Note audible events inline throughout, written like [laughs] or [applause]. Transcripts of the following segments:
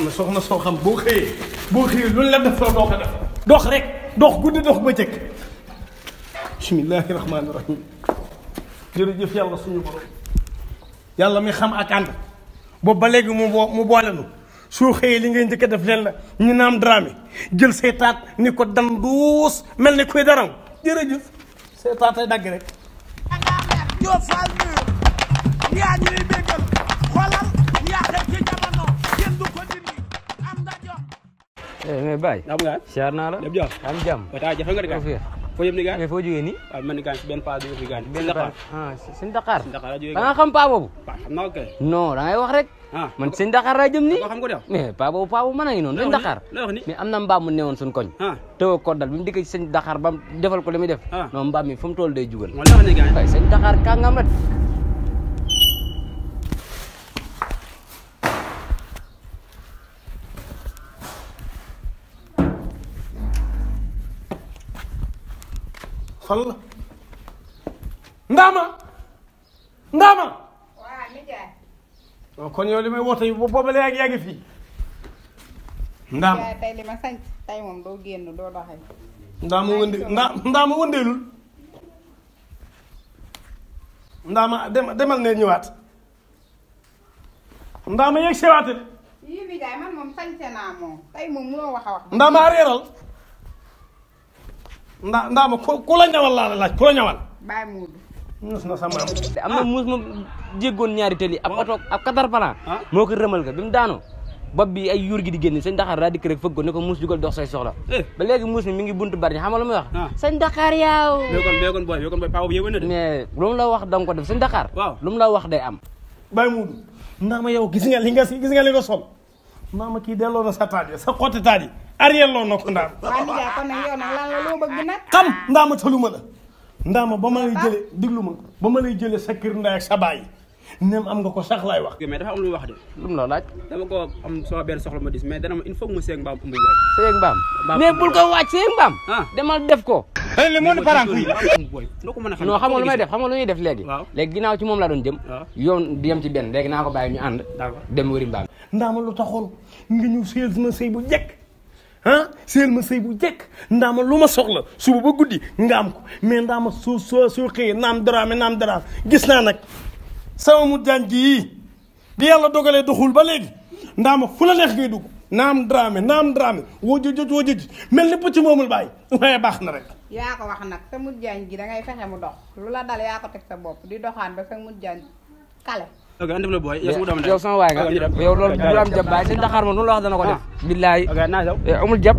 xam ne soxna soo xam boo xëyee boo xëyee loolu la def loo doo ko def dox rek dox guddi dox ba jëkk bismillaahi rahmaani rahiim yàlla suñu mi xam ak ànd boobu ba léegi mu boo mu boole nu soo li ngay njëkk def leen la ñu naam dramé jël say taat ni ko danduus mel ni kuy daraw jërëjëf say taat ay dagg Baye. am nga siyaar naa la. lépp jàmm am jàmm. waaw jafe nga de Kañ. foo jëm ni Kañ. foo jógee nii. waaw man Kañ benn paa ah, jógee fi Kañ. da nga xam paa boobu. waaw xam naa ko kay. non da ngay wax rek. Ah, a am na mbaam mu newoon suñu koñ. Ah. tëw ko dal bi mu dikkee ci ba defal ko li muy def. non mbaam mi fu mu toll day jugal. waaw sëñ Dakar fan la Ndama Ndama. waaw nijaay. waaw kon yow li may woote boobu la yaa ngi fii. Ndama nijaay li ma sañ tey moom doo génn doo doxee. Ndama wënde Ndama wëndeelul. Ndama dem demal ne ñëwaat. Ndama yegg seewaate. yii nijaay man moom sañse naa moom tey moom munoo wax a wax. Ndama ndaa ndaa ma ku la ñawal laa la laaj ku la ñawal. bàyyi muudu. muus na sama am na muus ma jéggoon ñaari tëli a oto ab ah? moo ko rëmal nga bi mu daanu bopp bi ay yuur gi di génn sañ Dakar daa dikk fëgg ko ne ko muus jugal dox say soxla eh. ba léegi muus mi mi ngi buntu bari xam nga lu muy wax ah. sañ Dakar yaaw kon kon boy kon boy paa boobu yëwee na la wax da def sañ Dakar waaw lu mu wax day am bàyyi muudu ndax ma yow gis nga li nga gis nga li nga sol ndax ma kii delloo na sa sa xotti taat yi Ariel loo na ko ndaam. waaw nijaay kon nag da nag lan la loo bëgg nag. ndaama ba ma lay ah. jëlee diglu ma ba ma lay jëlee sa kër ndaay ak sa am nga ko sax laay wax. mais dafa am lu wax de. lu mu la ko am soo benn ma dis mais dana ma mais bul ko waaj ah. def ko. xëy na moo ko mën a xam non xam nga lu may def xam nga lu ñuy def léegi. waaw léegi ci moom laa doon jëm. waaw ah. yoon di yem ci benn léegi naa ko bàyyi ñu ànd. dem wëri mbaam. ndaama lu taxoon nga ñëw sëy na sëy bu njëkk ah seel sëy bu jekk ndaama lu ma soxla suba ba guddi nga am ko mais ndaama soo soo su xëyee naam daraame naam daraam gis naa nag sama mu jaan ji bi yàlla dogalee doxul ba léegi ndaama fu la neex ngay dugg naam daraame naam daraame wóojojoj wóojoj mel ni pëcc moomul bàyyi waaye baax na rek. yaa ko wax nag sa mujjaan gi da ngay fexe mu dox lu la dal yaa ko teg sa bopp di doxaan ba sa mujjaan kale. ok andi la booy yow sama waay nga yow loolu du am jàpp baay sëñ Daxaar moom noonu la wax dana ko def. Ah. billaay eh, amul jàpp.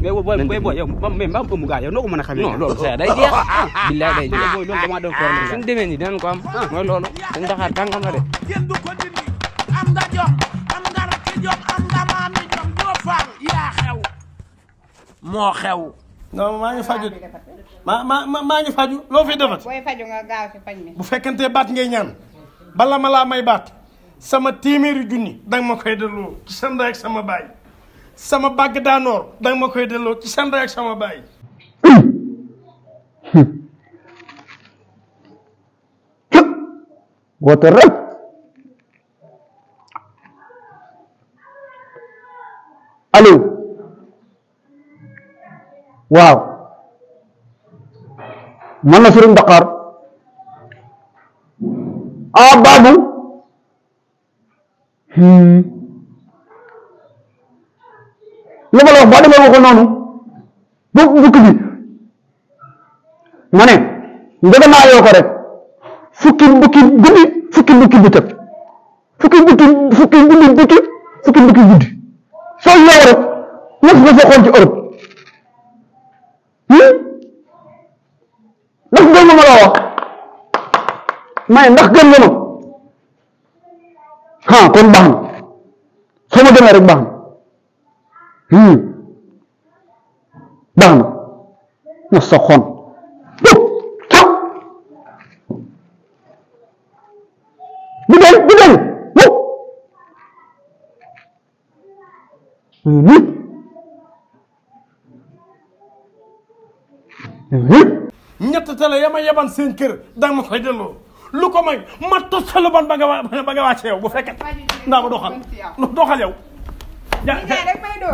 mais booy booy booy yow mais mbaam ëmb gaa yow noo ko mën a xamee. non loolu [laughs] day jeex. Ah, ah, billaay day jeex loolu damaa doon ko war suñu demee nii dinañ ko am. mooy loolu sëñ Daxaar kàngam la de. kenn du ko dindi am nga jom am nga rakk jom am nga maami jom doo faal yaa xew moo xew. non maa ngi faju maa maa maa ngi faju loo fiy defat. booy faju nga gaaw si fañ mi. bu fekkente baat ngay ñaan bala ma may baat sama téeméeri junni danga ma koy delloo ci seen ndey ak sama baay sama bàgg daanoor danga ma koy delloo ci seen sama baay. woto rek allo waaw man la Serigne Bakar Ababu ah, hmm. li ma la wax boo demee waxu noonu bu bukki bi ma ne njëga naa yoo ko rek fukki bukki guddi fukki bukki bëccëg fukki bukki fukki guddi bukki fukki bukki guddi soo yow rek ñëpp nga foo xool ci Europe hmm? ndax dégg nga ma la wax may ndax gëm nga ma ah kon baax na soo ma baax na hmm. baax na na sa xon bu dee bu dee ñett tala yama yaban seen kër ma koy delloo lu ko may ma tos sa ba nga wa ba nga wàcce bu fekkee naa ma doxal doxal yow.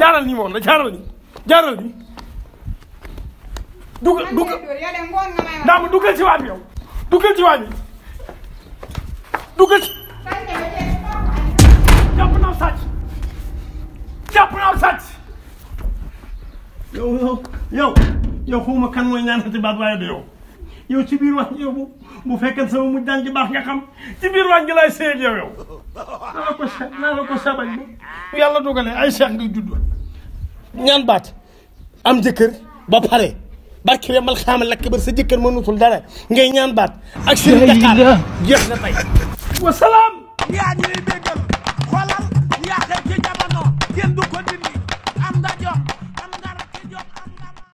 jaaral nii moom la jaaral nii jaaral nii. dugal dugal naa ma dugal ci waat yow dugal ci naa sàcc jàpp naa sàcc. yow yow yow xawma kan mooy ñaanati baat waaye du yow. yow ci biir wàññi bu fekkee sama mujj daan ji baax nga xam ci biir wàññi laay seet yow ay seex nga judd. ñaan baat am jëkkër ba pare barki remal xaamal lakk bër sa jëkkër mënutul dara ngay ñaan bat ak seen Dakar jeex na tey. wa salaam. yaa ngi déggal xoolal yaa